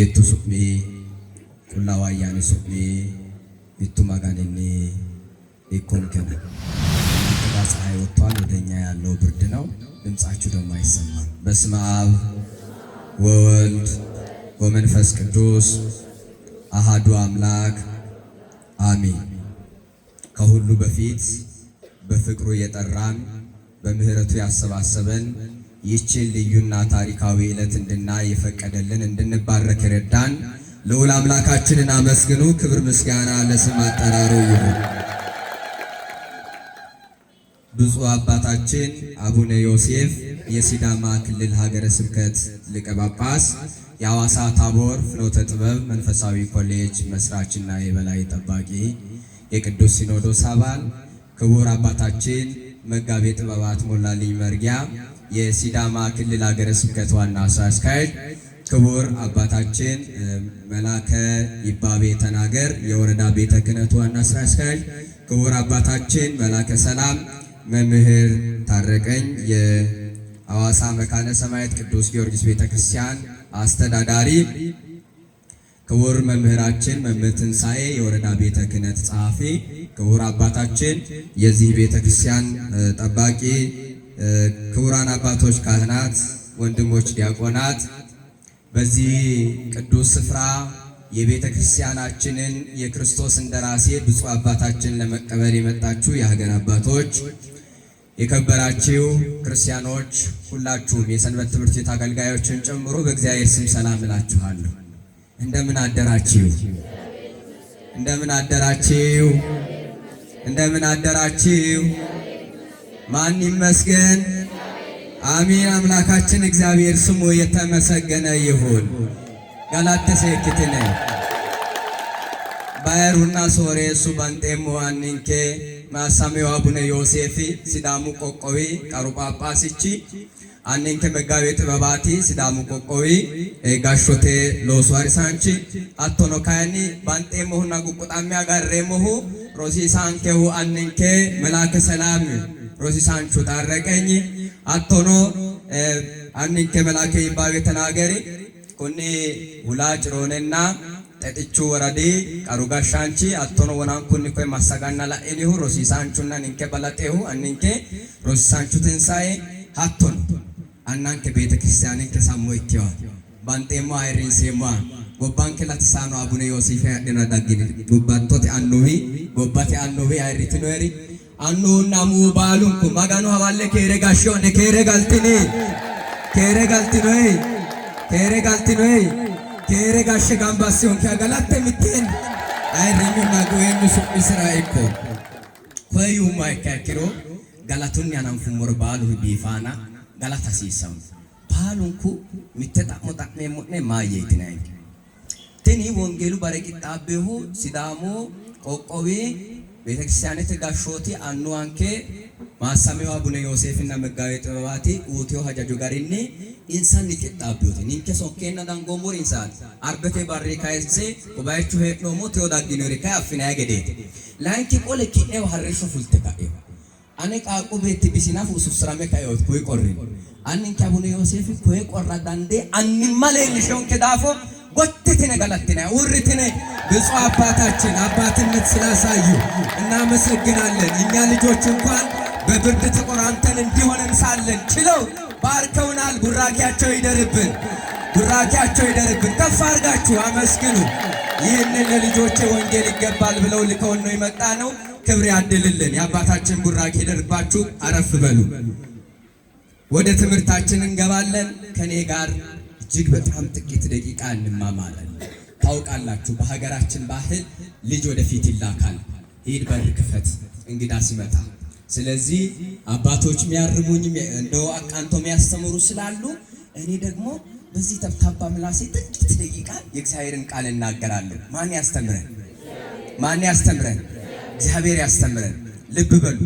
ቤቱ ሱቅሜ ቁላ ዋያኔ ሱቅሜ ቤቱ ማጋኔኔ ኢኮን ከነ ፀሐይ ወጥቷል። ወደኛ ያለው ብርድ ነው። ድምፃችሁ ደግሞ አይሰማም። በስመ አብ ወወልድ ወመንፈስ ቅዱስ አሃዱ አምላክ አሜን። ከሁሉ በፊት በፍቅሩ የጠራን በምህረቱ ያሰባሰበን ይችን ልዩና ታሪካዊ ዕለት እንድናይ የፈቀደልን እንድንባረክ ረዳን ልዑል አምላካችንን አመስግኑ። ክብር ምስጋና ለስም አጠራሩ ይሁን። ብፁዕ አባታችን አቡነ ዮሴፍ የሲዳማ ክልል ሀገረ ስብከት ሊቀ ጳጳስ፣ የአዋሳ ታቦር ፍኖተ ጥበብ መንፈሳዊ ኮሌጅ መስራችና የበላይ ጠባቂ፣ የቅዱስ ሲኖዶስ አባል ክቡር አባታችን መጋቤ ጥበባት ሞላልኝ መርጊያ የሲዳማ ክልል ሀገረ ስብከት ዋና ስራ አስኪያጅ ክቡር አባታችን መላከ ይባቤ ተናገር የወረዳ ቤተ ክህነት ዋና ስራ አስኪያጅ ክቡር አባታችን መላከ ሰላም መምህር ታረቀኝ የአዋሳ መካነ ሰማያት ቅዱስ ጊዮርጊስ ቤተ ክርስቲያን አስተዳዳሪ ክቡር መምህራችን መምህር ትንሣኤ የወረዳ ቤተ ክህነት ጸሐፊ ክቡር አባታችን የዚህ ቤተ ክርስቲያን ጠባቂ ክቡራን አባቶች ካህናት፣ ወንድሞች ዲያቆናት በዚህ ቅዱስ ስፍራ የቤተ ክርስቲያናችንን የክርስቶስ እንደራሴ ብፁዕ አባታችን ለመቀበል የመጣችሁ የሀገር አባቶች፣ የከበራችሁ ክርስቲያኖች ሁላችሁም የሰንበት ትምህርት ቤት አገልጋዮችን ጨምሮ በእግዚአብሔር ስም ሰላም እላችኋለሁ። እንደምን አደራችሁ? እንደምን አደራችሁ? እንደምን አደራችሁ? ማን ይመስገን? አሜን። አምላካችን እግዚአብሔር ስሙ የተመሰገነ ይሁን። ገላተሰ የክትነ ባየሩና እሱ ባንጤሙ አንንኬ ማሳሚው አቡነ ዮሴፍ ሲዳሙ ቆቆዊ ቀሩ ጳጳስቺ አንንከ መጋቤ ጥበባቲ ሲዳሙ ቆቆዊ ጋሾቴ ሎሷሪሳንቺ አቶኖ ካያኒ ጋር ጉቁጣሚ ሮሲ ሮሲሳንኬሁ አንንኬ መላከ ሰላም ሮሲሳንቹ ታረቀኝ አቶኖ አንን ከመላከ ይባገ ተናገሪ ኮኔ ውላ ጭሮነና ጠጥቹ ወረዴ ቀሩጋሻንቺ አቶኖ ወናን ኩን ኮይ ማሰጋና ላኤኒሁ ሮሲሳንቹና ንንከ በለጤሁ አንንከ ሮሲሳንቹ ትንሳኤ ሀቶን አናንከ ቤተ ክርስቲያንን ከሳሞ ይትዋ ባንጤሞ አይሪን ሴማ ጎባን ከላት ሳኑ አቡነ ዮሴፍ ያደና ዳግኒ ጎባንቶት አንኑሂ ጎባቴ አንኑሂ አይሪትኖሪ አኑ ናሙ ባሉንኩ ማጋኑ ሀባለ ኬሬ ጋሾን ኬሬ ጋልቲኒ ኬሬ ጋልቲኖይ ኬሬ ጋልቲኖይ ኬሬ ጋሸ ጋምባሲዮን ኪያጋላተ ሚቴን አይረኙ ናጉየኙ ሱም እስራኤልኮ ኮዩማ ይካኪሮ ጋላቱን ያናንፉሙር ባሉ ቢፋና ጋላታ ሲሰም ባሉንኩ ሚቴ ጣሞ ጣቅሜ ማየትናይ ትኒ ወንጌሉ በረቂጣቤሁ ሲዳሞ ቆቆቤ ቤተክርስቲያኒት ጋሾቲ አኑዋንኬ ማሳሜዋ ቡነ ዮሴፍና መጋቤ ጥበባቲ ኡቴዮ ሀጃጆ ጋር ኢንሳን ሊቅጣብዩት ኒንኬ ሶኬና ዳንጎሙር ኢንሳን አርበቴ ባሬ ካይሴ ቁባይቹ ሄጥኖሞ ቴዎዳጊኖሪ ካይ አፍና ያገዴት ላንኪ ቆለ ኪኤው ሀርሾ ፉልተ ካኤው አነ ቃቁ ቤት ቢሲናፍ ኡሱፍ ስራሜ ካይወት ኩይ ቆሪ አንንኪ አቡነ ዮሴፍ ኩይ ቆራ ዳንዴ አንማሌ ልሾን ከዳፎ ወትትነ ገለትነ ውርትነ ብፁዕ አባታችን አባትነት ስላሳዩ እናመሰግናለን። እኛ ልጆች እንኳን በብርድ ተቆራንተን እንዲሆነን ሳለን ችለው ባርከውናል። ቡራኪያቸው ይደርብን፣ ቡራኪያቸው ይደርብን። ከፍ አድርጋችሁ አመስግኑ። ይህንን ለልጆቼ ወንጌል ይገባል ብለው ልከውን ነው የመጣ ነው። ክብር ያድልልን። የአባታችን ቡራኪ ይደርባችሁ። አረፍ በሉ። ወደ ትምህርታችን እንገባለን። ከኔ ጋር እጅግ በጣም ጥቂት ደቂቃ እንማማለን። ታውቃላችሁ፣ በሀገራችን ባህል ልጅ ወደፊት ይላካል። ሂድ በር ክፈት፣ እንግዳ ሲመጣ። ስለዚህ አባቶች የሚያርሙኝ እንደው አቃንቶ የሚያስተምሩ ስላሉ እኔ ደግሞ በዚህ ተብታባ ምላሴ ጥቂት ደቂቃ የእግዚአብሔርን ቃል እናገራለሁ። ማን ያስተምረን? ማን ያስተምረን? እግዚአብሔር ያስተምረን። ልብ በሉ።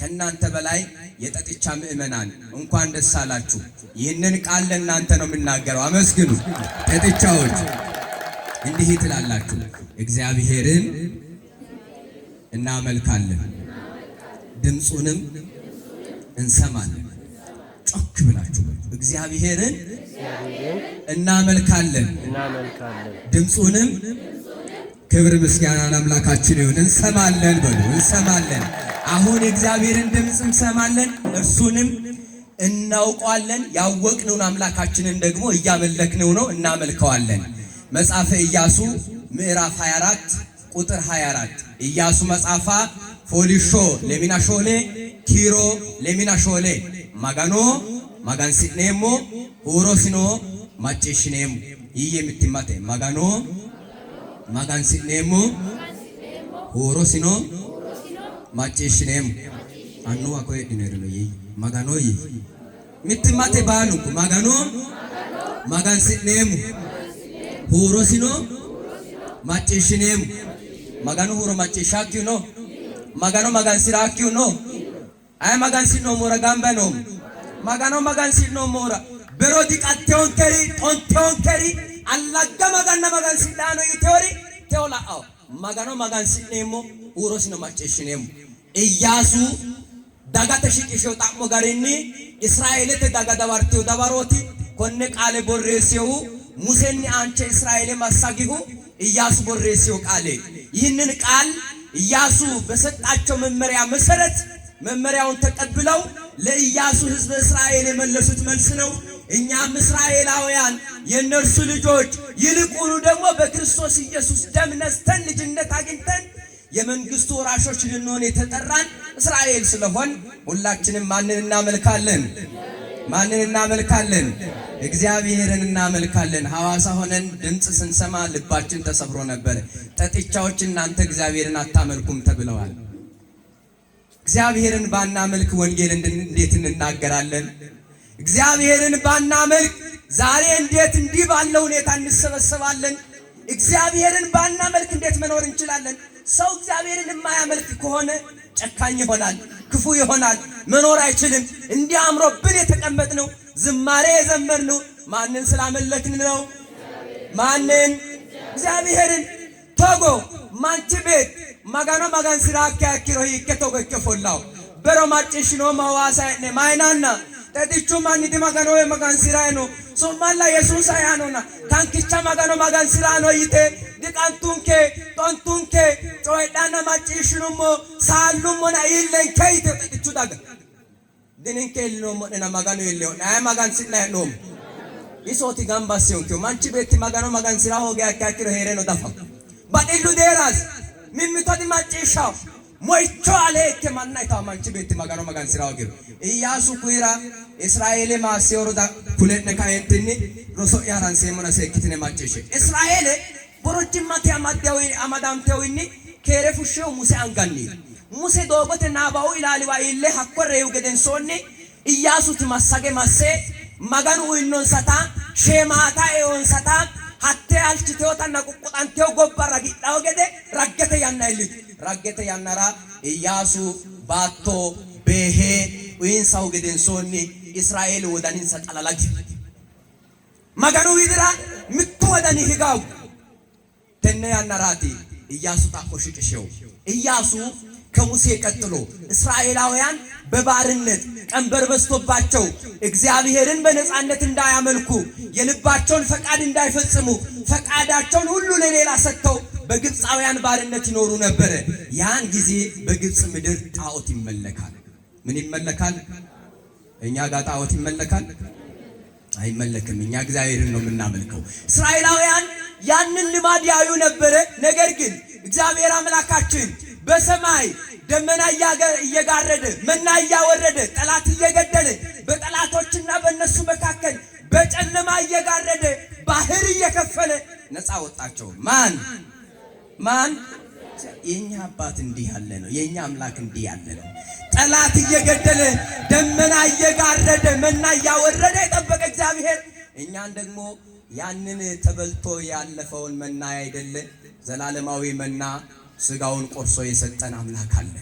ከእናንተ በላይ የጠጥቻ ምዕመናን እንኳን ደስ አላችሁ። ይህንን ቃል ለእናንተ ነው የምናገረው። አመስግኑ ጠጥቻዎች። እንዲህ ትላላችሁ፣ እግዚአብሔርን እናመልካለን፣ ድምፁንም እንሰማለን። ጮክ ብላችሁ እግዚአብሔርን እናመልካለን፣ ድምፁንም ክብር ምስጋና ለአምላካችን ይሁን። እንሰማለን በሉ እንሰማለን አሁን የእግዚአብሔርን ድምፅ እንሰማለን፣ እርሱንም እናውቀዋለን። ያወቅነውን አምላካችንን ደግሞ እያመለክነው ነው፣ እናመልከዋለን። መጽሐፈ ኢያሱ ምዕራፍ 24 ቁጥር 24 ኢያሱ መጽሐፋ ፎሊሾ ለሚናሾሌ ኪሮ ለሚናሾሌ ማጋኖ ማጋን ሲኔሞ ሁሮ ሲኖ ይህ የምትማተ ማጋኖ ማጋን ሲኔሞ ሁሮ macciishshineemmo annuwa koye hedhinoyirino yii magano yii mittimmate baalunku magano magansi'neemmo huurosino macciishshineemmo maganu huuro macciishshaakkihu no magano magansiraakkihu no ayi magansi'noommohura gamba noommo magano magansi'noommohura bero diqatteyonkeri xonteyonkeri allagga maganna magansidhaano yiteori teo la'ao magano magansi'neemmo huurosino macciishshineemmo iyyaasu dagate shiqishewo xa'mo garinni israa'eelete daga dawartewo dawarooti konne qaale borreessiyohu musenni aanche israa'eele massagihu ኢያሱ ቦሬሲዮ ቃሌ ይህንን ቃል ኢያሱ በሰጣቸው መመሪያ መሰረት መመሪያውን ተቀብለው ለኢያሱ ሕዝብ እስራኤል የመለሱት መልስ ነው። እኛም እስራኤላውያን የእነርሱ ልጆች ይልቁኑ ደግሞ በክርስቶስ ኢየሱስ ደም ነስተን ልጅነት አግኝተን የመንግስቱ ወራሾች ልንሆን የተጠራን እስራኤል ስለሆን ሁላችንም ማንን እናመልካለን? ማንን እናመልካለን? እግዚአብሔርን እናመልካለን። ሐዋሳ ሆነን ድምፅ ስንሰማ ልባችን ተሰብሮ ነበር። ጠጥቻዎች እናንተ እግዚአብሔርን አታመልኩም ተብለዋል። እግዚአብሔርን ባናመልክ ወንጌል እንዴት እንናገራለን? እግዚአብሔርን ባናመልክ ዛሬ እንዴት እንዲህ ባለ ሁኔታ እንሰበሰባለን? እግዚአብሔርን ባናመልክ እንዴት መኖር እንችላለን? ሰው እግዚአብሔርን የማያመልክ ከሆነ ጨካኝ ይሆናል፣ ክፉ ይሆናል፣ መኖር አይችልም። እንዲህ አምሮብን የተቀመጥነው ዝማሬ የዘመርነው ማንን ስላመለክን ነው? ማንን? እግዚአብሔርን። ቶጎ ማንቺ ቤት magano magansirakkiha ikkiro hiikke togo ikke fullaho bero macciishshinoomma hawaasa'e'ne mayinanna xexichu manniti maganowe magansirayino su'malla yesuusa eanonna kankicha magano magansirano yite diqantunke xontunke coyidhanna macciishshinummo saallummona iillenke yite xexichu daga dininke iillinoommo'nena maganu iilleho'ne aye magansi'na he'noommo isooti gamba assiyonkehu manchi beetti magano magansira hoogiha ikkiha ikkiro hee'reno dafa baxillu deeraasi ሚሚቶን ማጭሻው ሞይቾ አለክ ማናይታ ማንቺ ቤት ማጋኖ መጋንስራው ጊሩ ኢያሱ ኩይራ እስራኤል ማሲዮሩዳ ኩለነ ካየንትኒ ሮሶ ያራን ሰሞነ ሰክትነ ማጭሽ እስራኤል ቦሮጅማት ያማዲያው አማዳምቴውኒ ከረፉሽው ሙሴ አንጋኒ ሙሴ ዶጎተ ናባው ኢላሊ ዋይለ ሐቆሬው ገደንሶኒ ኢያሱት ማሳገ ማሴ ማጋኑ ኢኖንሳታ ሼማታ ኢዮንሳታ hattee alchitootanna quqquxanteew gobba ragidhao gede raggete yanna illit raggete yannara iyyaasu baattoo beehee uyinsahu gedensoonni israa'eel wodaninsa calalagi maganu widira mittu wodani higawu tenne yannaraati iyyaasu xaqqo shiqishewu iyyaasu ከሙሴ ቀጥሎ እስራኤላውያን በባርነት ቀንበር በዝቶባቸው እግዚአብሔርን በነፃነት እንዳያመልኩ የልባቸውን ፈቃድ እንዳይፈጽሙ ፈቃዳቸውን ሁሉ ለሌላ ሰጥተው በግብፃውያን ባርነት ይኖሩ ነበረ። ያን ጊዜ በግብፅ ምድር ጣዖት ይመለካል። ምን ይመለካል? እኛ ጋር ጣዖት ይመለካል? አይመለክም። እኛ እግዚአብሔርን ነው የምናመልከው። እስራኤላውያን ያንን ልማድ ያዩ ነበረ። ነገር ግን እግዚአብሔር አምላካችን በሰማይ ደመና እየጋረደ መና እያወረደ ጠላት እየገደለ በጠላቶችና በእነሱ መካከል በጨለማ እየጋረደ ባህር እየከፈለ ነፃ ወጣቸው። ማን ማን? የኛ አባት እንዲህ ያለ ነው። የኛ አምላክ እንዲህ ያለ ነው። ጠላት እየገደለ ደመና እየጋረደ መና እያወረደ የጠበቀ እግዚአብሔር እኛን ደግሞ ያንን ተበልቶ ያለፈውን መና አይደለ ዘላለማዊ መና ስጋውን ቆርሶ የሰጠን አምላክ አለ።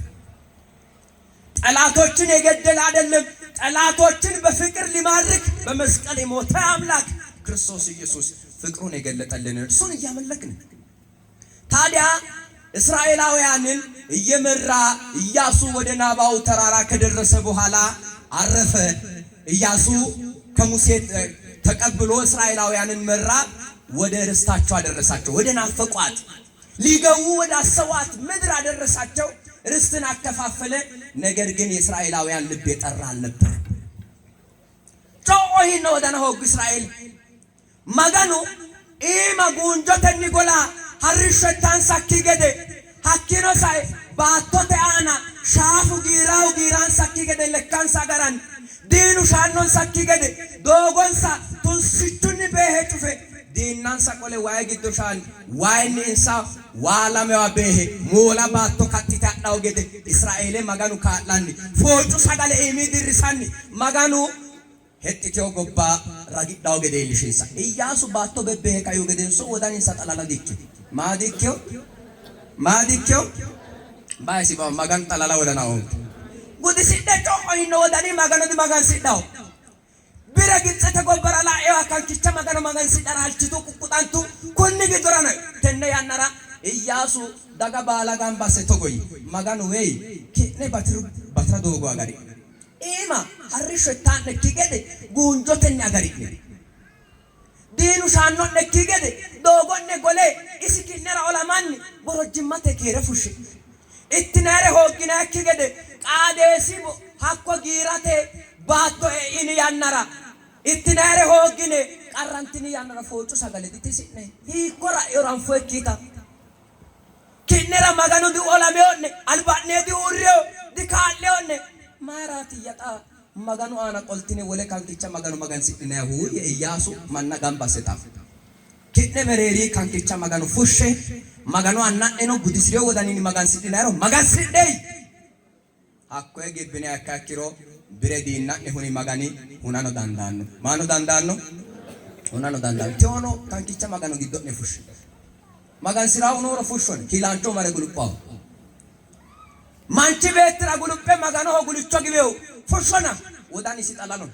ጠላቶችን የገደል አይደለም፣ ጠላቶችን በፍቅር ሊማርክ በመስቀል የሞተ አምላክ ክርስቶስ ኢየሱስ ፍቅሩን የገለጠልን እርሱን እያመለክን ታዲያ እስራኤላውያንን እየመራ ኢያሱ ወደ ናባው ተራራ ከደረሰ በኋላ አረፈ። ኢያሱ ከሙሴ ተቀብሎ እስራኤላውያንን መራ፣ ወደ ርስታቸው አደረሳቸው፣ ወደ ናፈቋት ሊገቡ ወደ አሰዋት ምድር አደረሳቸው። ርስትን አከፋፈለ። ነገር ግን የእስራኤላውያን ልብ የጠራ አልነበር። ጮኦሂነ ነው ሆጉ እስራኤል መገኑ ኢመ ጉንጆተኒ ኒጎላ ሀርሾታን ሳኪ ገደ ሀኪኖ ሳይ ባቶተ አና ሻፉ ጊራው ጊራን ሳኪ ገደ ለካን ሳገራን ዲኑ ሻኖን ሳኪ ገደ ዶጎንሳ ቱንስቹኒ ቤሄ ጩፌ diinnansa qole wayi giddo shaan wayinni insa waa lamewa beehe moola baatto kattite hadhawo gede israa'eele maganu kaa'lanni foocu sagale iimii dirrisanni maganu hexxitewo gobba ragidhawo gede iillishinsa iyyaasu baatto bebbehe kayo gedenso wodaninsa xalala dikke maa dikkewo maa dikkewo bayisi bawo maganu xalala wodana onke gudisidhe co'o yinno wodani maganodi magansidhawo bira giccete gobbara laewa kankicha magano magansidhanaalchitu quqquxantu kunni gidorana tenne yannara iyyaasu daga baala gambasse togoy maganu wey ki'ne batiru batira doogo agari iima harrishsho ittaa'nekki gede guunjotenni agari'ne diinu shaannonnekki gede doogonne gole isi ki'nera olamanni borojjimmate kiire fushshi'ne ittinayre hoogginayakki gede qaadeesi hakko giirate baatto e'ini yannara ittiin aare hooggine qarrantiin yaanara foocu sagaletitti si'ne hiikko ra'yo ranfoo ekkiita kinnera magano di olame onne albaa'nee di urreo di kaa'le onne maaraati yaxaa magano aana qoltine wole kankicha maganu magansidhinaya huuyye iyyaasu manna gambasetaaf ki'ne mereerii kankicha maganu fushshe maganu anna'eno gudisireo wodaniin magansidhinayro magansidhey hakkoe gibbine akka ikkiro bire diinna'ne huni magani hunano dandaanno maano dandaanno hunano dandaanno tewono tankicha magano giddo'ne fushshe magansiraahu nooro fushshone hiilaancho mare guluphaho manchi beettira guluphe maganoho gulicho giwehu fushshona wodanisi xalano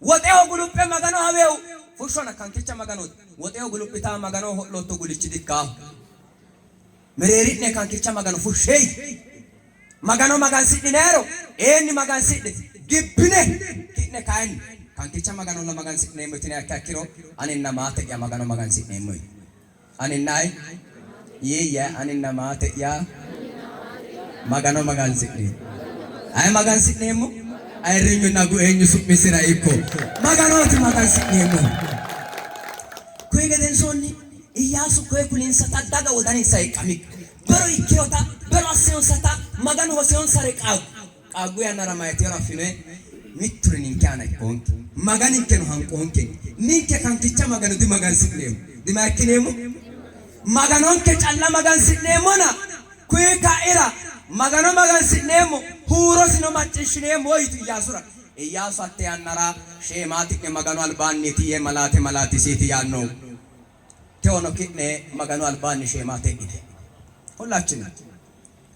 woxeho guluphe magano hawehu fushshona kankicha maganooti woxeho guluphitaa maganoho ho'lotto gulichi dikkaaho mereeri'ne kankicha magano fushsheyi magano magansidhinero eenni magansidhe gibbine ki'ne kayinni kankicha maganolla magansidhineemmo yitine akka ikkiro aninna maate'ya magano magansidhineemmoyi aninnayi yeeyya aninna maate'ya magano magansidhe e? ayi magansidhineemmo ayirrinyunna gu'eenyu su'misira ikko maganooti magansidhineemmohu koye gedensoonni iyyaasu koye kulinsata daga wodaninsa iqqamik bero ikkinota bero assinonsata Magan hoseon sare qaag qaagu ya nara mayti rafine mitrin inkana ikon magan inken hanqon ken ninke kan kicha magan di magan sidnemu di makinemu maganon ke challa magan sidnemu na kuye kaira magano magan sidnemu huro sino machishinemu oyitu yasura እያሱ አተ ያነራ ሼማቲክ መገኑ አልባኒ ትዬ መላቴ መላቲ ሲት ያነው ቴዎኖ ኪኔ መገኑ አልባኒ ሼማቴ ሁላችን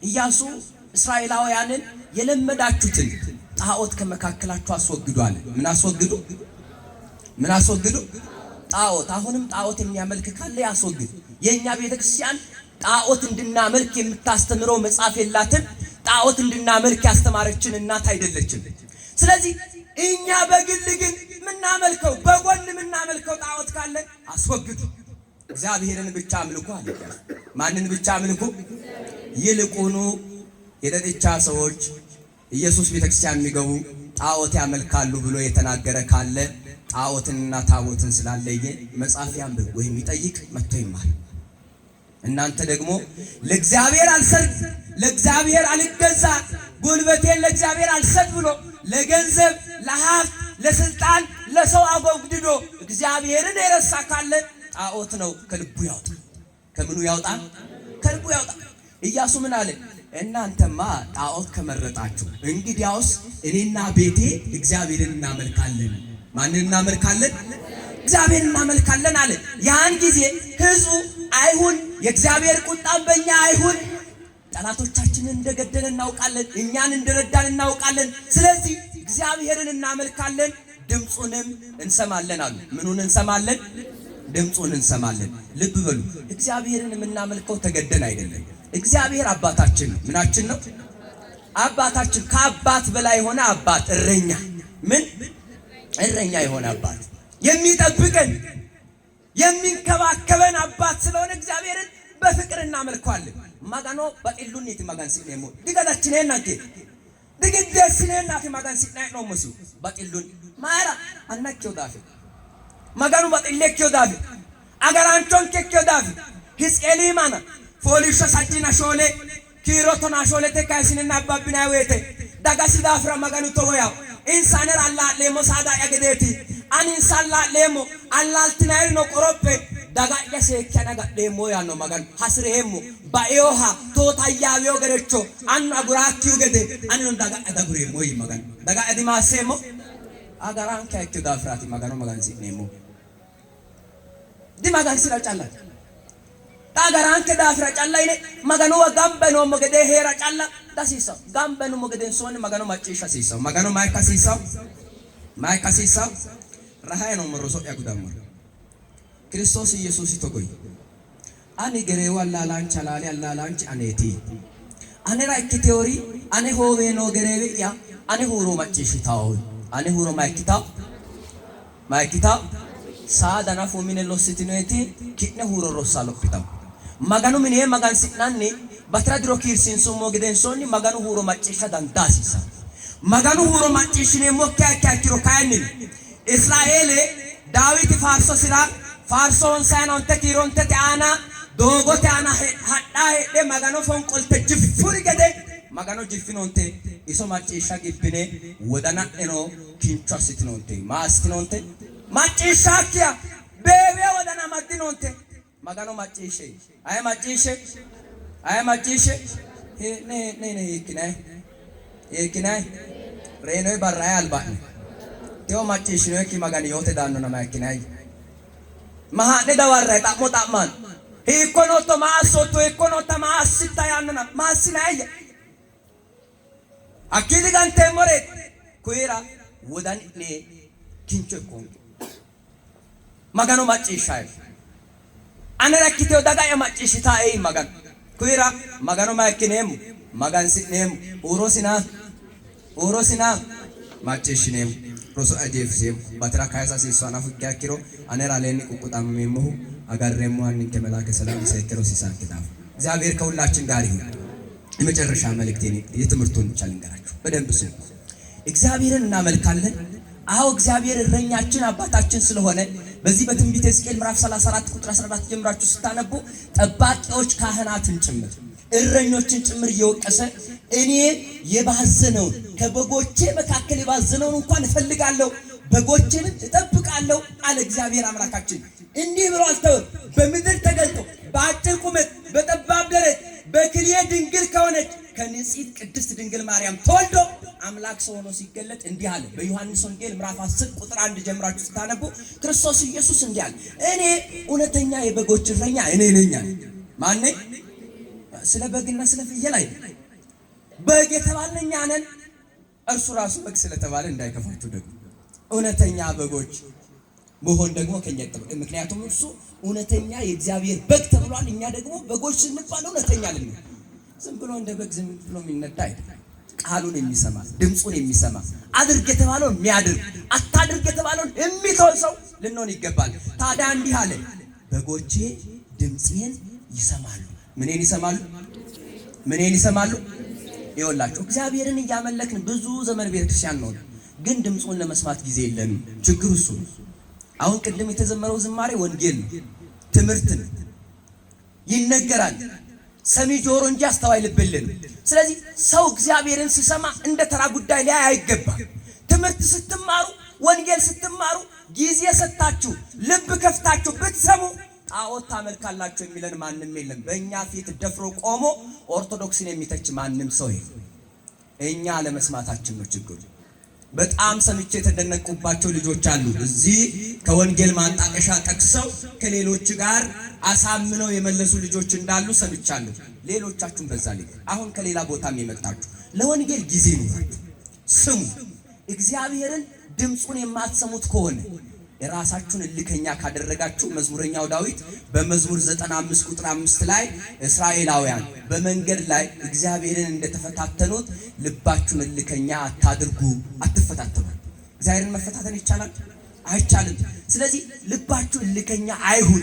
እያሱ እስራኤላውያንን የለመዳችሁትን ጣዖት ከመካከላችሁ አስወግዱ ምን አስወግዱ? ምን አስወግዱ? ጣዖት። አሁንም ጣዖት የሚያመልክ ካለ ያስወግድ። የእኛ ቤተክርስቲያን ጣዖት እንድናመልክ የምታስተምረው መጽሐፍ የላትም። ጣዖት እንድናመልክ ያስተማረችን እናት አይደለችም። ስለዚህ እኛ በግል ግን የምናመልከው በጎን የምናመልከው ጣዖት ካለ አስወግዱ። እግዚአብሔርን ብቻ አምልኩ አለ። ማንን ብቻ አምልኩ? ይልቁኑ የለልቻ ሰዎች ኢየሱስ ቤተክርስቲያን የሚገቡ ጣዖት ያመልካሉ ብሎ የተናገረ ካለ ጣዖትንና ታቦትን ስላለየ መጽሐፍ ያንብብ ወይም ይጠይቅ መጥቶ ይማል። እናንተ ደግሞ ለእግዚአብሔር አልሰርግ፣ ለእግዚአብሔር አልገዛ፣ ጉልበቴን ለእግዚአብሔር አልሰጥ ብሎ ለገንዘብ፣ ለሀብት፣ ለስልጣን፣ ለሰው አጎግድዶ እግዚአብሔርን የረሳ ካለ ጣዖት ነው። ከልቡ ያውጣ። ከምኑ ያውጣ? ከልቡ ያውጣ። ኢያሱ ምን አለ? እናንተማ ጣዖት ከመረጣችሁ እንግዲያውስ እኔና ቤቴ እግዚአብሔርን እናመልካለን። ማንን እናመልካለን? እግዚአብሔርን እናመልካለን አለ። ያን ጊዜ ህዝቡ አይሁን፣ የእግዚአብሔር ቁጣን በእኛ አይሁን፣ ጠላቶቻችንን እንደገደለ እናውቃለን፣ እኛን እንደረዳን እናውቃለን። ስለዚህ እግዚአብሔርን እናመልካለን፣ ድምፁንም እንሰማለን አሉ። ምኑን እንሰማለን? ድምፁን እንሰማለን። ልብ በሉ፣ እግዚአብሔርን የምናመልከው ተገደን አይደለም እግዚአብሔር አባታችን ነው። ምናችን ነው? አባታችን ከአባት በላይ የሆነ አባት እረኛ፣ ምን እረኛ የሆነ አባት የሚጠብቀን የሚንከባከበን አባት ስለሆነ እግዚአብሔርን በፍቅር እናመልከዋለን። ማጋኖ በቅሉኒት ማጋን ሲኔሞ ድጋታችን እናንተ ድግደስኔ እናት ማጋን ሲናይ ነው ሙሱ በቅሉን ማራ አናቸው ዳፊ ማጋኑ በቅሌክዮ ዳፊ አገራንቾን ኬክዮ ዳፊ ሂስኤሊ fooliishsho sajjiin ashoolee kiiroton ashoolee kaasinin abbabbinaa weete daga sidaafira maganu tohoya insanera allaa'leemmo saadaa'a gedeeti ani insaan laa'leemmo allaaltinaayirino qorophe daga'ya seekke anagadheemmo yaanno maganu hasireemmo baeyoha tootayyaaweo gerecho annu aguraakkiyu gede anino daga'ya dagureemmo yi maganu daga'ya dimaasseemmo agaraankeha ikkeo daafiraati magano magansi'neemmo dimagansi'ra callati Dhagaraan kedaa fira calla ine maganuma gambenoo mogedee heera calla dhasiisa. Gambenu mogedeen soonni maganuma ciishasiisa. Maganuma akkasiisa. Maa akkasiisa. Rahaa eno morosoo yaa gudamma. Kiristoos Yesuusi tokkoyi. Ani geree allaalaan chalaalee allaalaan ce'aneeti. Anira ikkitee horii ani hoobeenoo geree bi'yaa ani huuroo maciishitaa hoyi. Ani huuroo maayikitaa. Maayikitaa. Saadana fuumine lossitineeti ki'ne huuroo rossaa loppitamu. Maganumin ee magansinanni batira duro kiirsiinsummoo gedeensonni maganu huuro macciishsha dandaasisa. Maganu huuro macciishshineemmoo akka akka ikkiro kaayinni Israa'eele Daawiti faarso siraa faarsoon saayinoonte kiiroonte ta'aanaa doogote aana hadhaa hedhee magano fonqolte jiffuri gede magano jiffinoonte iso macciishsha gibbine wodana'eno kincho assitinoonte maa assitinoonte macciishshaakkiya beewee wodana amaddinoonte. Magano machishe. Aya machishe. Aya machishe. He ne ne ne ikine. Ikine. Reno barra alba. Teo machishe ki magani yote danno na makinai. Mahane dawarra takmo takman. Ikono tomaso tu ikono tamasi tayanno na masinai. Akili gante more. Kuira wodan ne kincho kon. Magano machishe. ana rakkitee daga ema cishi taa'ee magan kuyira maganuma ekkineemu magansi'neemu uuroo sinaa uuroo sinaa maachishneemu roso ajeefseemu batira kaayisa siisaanaaf ikkiya ikkiro anera leenni ququxamameemmuhu agarreemu hanninke melaake ሰላም ይሰክረው ሲሳን ኪታብ እግዚአብሔር ከሁላችን ጋር ይሁን። የመጨረሻ መልእክቴን የትምህርቱን ብቻ ልንገራችሁ በደንብ ስሙ። እግዚአብሔርን እናመልካለን። አዎ እግዚአብሔር እረኛችን አባታችን ስለሆነ በዚህ በትንቢተ ሕዝቅኤል ምዕራፍ 34 ቁጥር 14 ጀምራችሁ ስታነቡ ጠባቂዎች ካህናትን ጭምር እረኞችን ጭምር እየወቀሰ እኔ የባዘነውን ከበጎቼ መካከል የባዘነውን እንኳን እፈልጋለሁ በጎችንም እጠብቃለሁ አለ እግዚአብሔር አምላካችን። እንዲህ ብሎ አልተወን በምድር ተገልጦ በአጭር ቁመት በጠባብ ደረት በክልኤ ድንግል ከሆነች ከንጽሕት ቅድስት ድንግል ማርያም ተወልዶ አምላክ ሰው ሆኖ ሲገለጥ እንዲህ አለ። በዮሐንስ ወንጌል ምዕራፍ 10 ቁጥር 1 ጀምራችሁ ስታነቡ ክርስቶስ ኢየሱስ እንዲህ አለ፣ እኔ እውነተኛ የበጎች እረኛ እኔ ነኝ። ማን ነኝ? ስለ በግና ስለ ፍየል አይደል። በግ የተባለ እኛ ነን። እርሱ ራሱ በግ ስለተባለ እንዳይከፋችሁ ደግሞ እውነተኛ በጎች መሆን ደግሞ ከኛ ይጠበቅ። ምክንያቱም እሱ እውነተኛ የእግዚአብሔር በግ ተብሏል። እኛ ደግሞ በጎች ስንባል እውነተኛ ልንሆን ዝም ብሎ እንደ በግ ዝም ብሎ የሚነዳ አይደለም። ቃሉን የሚሰማ ድምፁን የሚሰማ አድርግ የተባለውን የሚያድርግ አታድርግ የተባለውን የሚተው ሰው ልንሆን ይገባል። ታዲያ እንዲህ አለ፣ በጎቼ ድምፄን ይሰማሉ። ምንን ይሰማሉ? ምንን ይሰማሉ? ይወላችሁ እግዚአብሔርን እያመለክን ብዙ ዘመን ቤተክርስቲያን ነው፣ ግን ድምፁን ለመስማት ጊዜ የለንም። ችግር እሱ ነው። አሁን ቅድም የተዘመረው ዝማሬ ወንጌል ነው፣ ትምህርት ነው፣ ይነገራል ሰሚ ጆሮ እንጂ አስተዋይ ልብ የለንም። ስለዚህ ሰው እግዚአብሔርን ሲሰማ እንደ ተራ ጉዳይ ላይ አይገባም። ትምህርት ስትማሩ፣ ወንጌል ስትማሩ ጊዜ ሰጥታችሁ ልብ ከፍታችሁ ብትሰሙ ጣዖት ታመልካላችሁ የሚለን ማንም የለም። በእኛ ፊት ደፍሮ ቆሞ ኦርቶዶክስን የሚተች ማንም ሰው የለም። እኛ ለመስማታችን ነው ችግሩ። በጣም ሰምቼ የተደነቁባቸው ልጆች አሉ። እዚህ ከወንጌል ማጣቀሻ ጠቅሰው ከሌሎች ጋር አሳምነው የመለሱ ልጆች እንዳሉ ሰምቻለሁ። ሌሎቻችሁም በዛ ልክ አሁን ከሌላ ቦታም የመጣችሁ ለወንጌል ጊዜ ነው ስሙ። እግዚአብሔርን ድምፁን የማትሰሙት ከሆነ የራሳችሁን እልከኛ ካደረጋችሁ መዝሙረኛው ዳዊት በመዝሙር 95 ቁጥር 5 ላይ እስራኤላውያን በመንገድ ላይ እግዚአብሔርን እንደተፈታተኑት ልባችሁን እልከኛ አታድርጉ፣ አትፈታተኑ። እግዚአብሔርን መፈታተን ይቻላል? አይቻልም። ስለዚህ ልባችሁ እልከኛ አይሁን።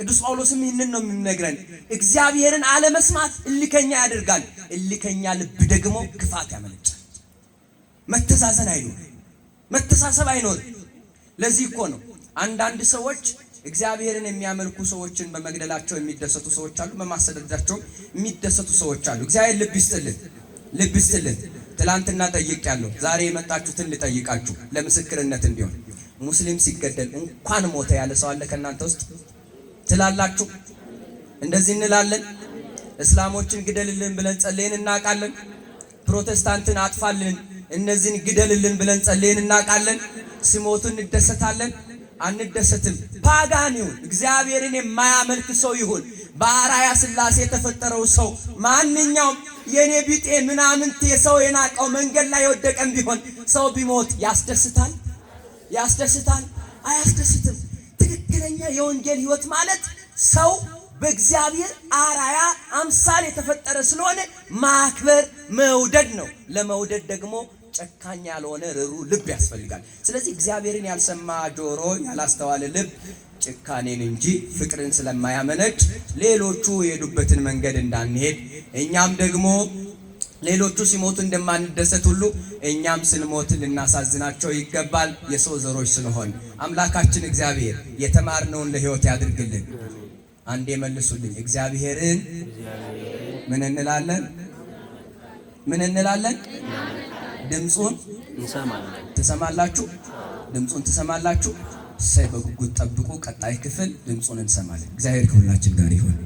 ቅዱስ ጳውሎስም ይህንን ነው የሚነግረን። እግዚአብሔርን አለመስማት እልከኛ ያደርጋል። እልከኛ ልብ ደግሞ ክፋት ያመነጫል። መተዛዘን አይኖር፣ መተሳሰብ አይኖር። ለዚህ እኮ ነው አንዳንድ ሰዎች እግዚአብሔርን የሚያመልኩ ሰዎችን በመግደላቸው የሚደሰቱ ሰዎች አሉ፣ በማሰደዳቸው የሚደሰቱ ሰዎች አሉ። እግዚአብሔር ልብ ይስጥልን፣ ልብ ይስጥልን። ትላንትና ያለው ዛሬ የመጣችሁትን ልጠይቃችሁ ለምስክርነት እንዲሆን። ሙስሊም ሲገደል እንኳን ሞተ ያለ ሰው አለ ከእናንተ ውስጥ ትላላችሁ? እንደዚህ እንላለን። እስላሞችን ግደልልን ብለን ጸልየን እናውቃለን። ፕሮቴስታንትን አጥፋልን፣ እነዚህን ግደልልን ብለን ጸልየን እናውቃለን። ሲሞቱ እንደሰታለን አንደሰትም። ፓጋን ይሁን እግዚአብሔርን የማያመልክ ሰው ይሁን በአራያ ስላሴ የተፈጠረው ሰው ማንኛውም የኔ ቢጤ ምናምንት የሰው የናቀው መንገድ ላይ የወደቀም ቢሆን ሰው ቢሞት ያስደስታል ያስደስታል? አያስደስትም። ትክክለኛ የወንጌል ህይወት ማለት ሰው በእግዚአብሔር አራያ አምሳል የተፈጠረ ስለሆነ ማክበር መውደድ ነው። ለመውደድ ደግሞ ጨካኝ ያልሆነ ሩ ልብ ያስፈልጋል። ስለዚህ እግዚአብሔርን ያልሰማ ጆሮ፣ ያላስተዋለ ልብ ጭካኔን እንጂ ፍቅርን ስለማያመነጭ ሌሎቹ የሄዱበትን መንገድ እንዳንሄድ እኛም ደግሞ ሌሎቹ ሲሞቱ እንደማንደሰት ሁሉ እኛም ስንሞት ልናሳዝናቸው ይገባል። የሰው ዘሮች ስለሆን አምላካችን እግዚአብሔር የተማርነውን ለሕይወት ያድርግልን። አንዴ መልሱልኝ። እግዚአብሔርን ምን እንላለን? ምን እንላለን? ድምፁን ትሰማላችሁ። ድምፁን ትሰማላችሁ። እሰይ፣ በጉጉት ጠብቁ። ቀጣይ ክፍል ድምፁን እንሰማለን። እግዚአብሔር ከሁላችን ጋር ይሁን።